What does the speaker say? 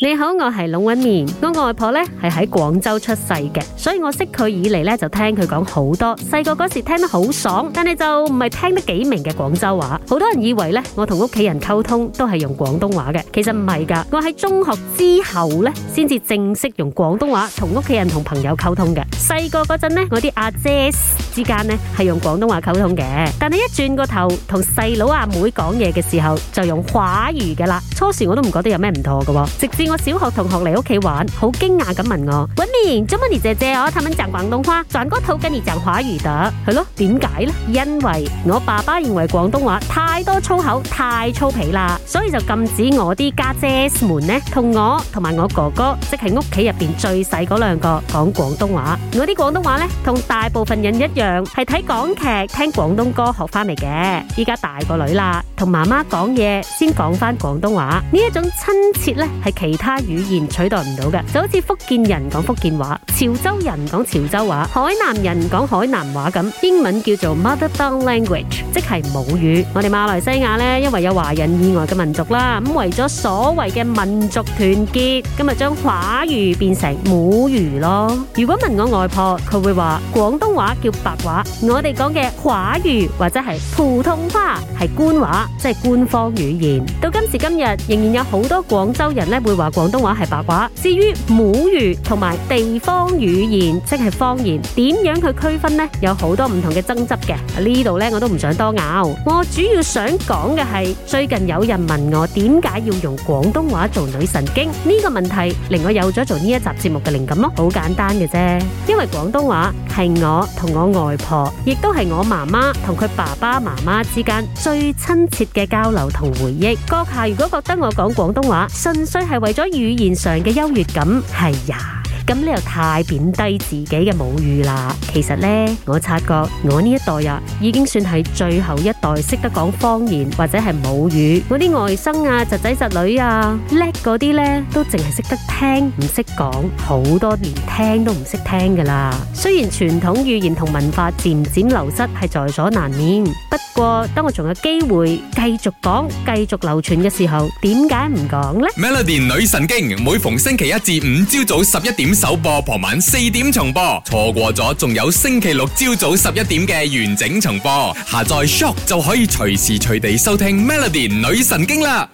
你好，我係龍紋敏，我外婆咧係喺廣州出世嘅，所以我識佢以嚟咧就聽佢講好多，細個嗰時候聽得好爽，但係就唔係聽得幾明嘅廣州話。好多人以為呢我同屋企人溝通都係用廣東話嘅，其實唔係噶，我喺中學之後呢先至正式用廣東話同屋企人同朋友溝通嘅。細個嗰陣咧，我啲阿姐之間呢係用廣東話溝通嘅，但係一轉個頭同細佬阿妹講嘢嘅時候，就用華語噶啦。初時我都唔覺得有咩唔妥嘅，哦，直至我小學同學嚟屋企玩，好驚訝咁問我：「Melody，做乜你姐姐哦，他們講廣東話，淨係跟你講華語嘅，係咯？點解呢？」因為我爸爸認為廣東話太多粗口，太粗鄙啦，所以就禁止我啲家姐們呢同我同埋我哥哥，即係屋企入邊最細嗰兩個講廣東話。我啲廣東話咧同大部分人一樣，係睇港劇、聽廣東歌學翻嚟嘅。依家大個女啦，同媽媽講嘢先講翻廣東話。親呢一種親切咧，係其他語言取代唔到嘅，就好似福建人講福建話、潮州人講潮州話、海南人講海南話咁。英文叫做 Mother Tongue Language，即係母語。我哋馬來西亞咧，因為有華人以外嘅民族啦，咁為咗所謂嘅民族團結，咁咪將華語變成母語咯。如果問我外婆，佢會話廣東話叫白話，我哋講嘅華語或者係普通話，係官話，即係官方語言。到今時今日，仍然有好多廣州人咧會話廣東話係白話。至於母語同埋地方語言，即係方言，點樣去區分呢？有好多唔同嘅爭執嘅。呢度咧我都唔想多拗。我主要想講嘅係最近有人問我點解要用廣東話做女神經呢個問題，令我有咗做呢一集節目嘅靈感咯。好簡單嘅啫，因為廣東話係我同我外婆，亦都係我媽媽同佢爸爸媽媽之間最親切嘅交流同回憶。閣下如果覺得我講廣東話，純粹係為咗語言上嘅優越感。係呀，咁你又太貶低自己嘅母語啦。其實呢，我察覺我呢一代啊，已經算係最後一代識得講方言或者係母語。我啲外甥啊、侄仔侄女啊叻嗰啲呢，都淨係識得聽，唔識講，好多連聽都唔識聽噶啦。雖然傳統語言同文化漸漸流失，係在所難免。不過當我仲有機會繼續講、繼續流傳嘅時候，點解唔講呢？m e l o d y 女神經每逢星期一至五朝早十一點首播，傍晚四點重播，錯過咗仲有星期六朝早十一點嘅完整重播。下載 s h o p 就可以隨時隨地收聽 Melody 女神經啦。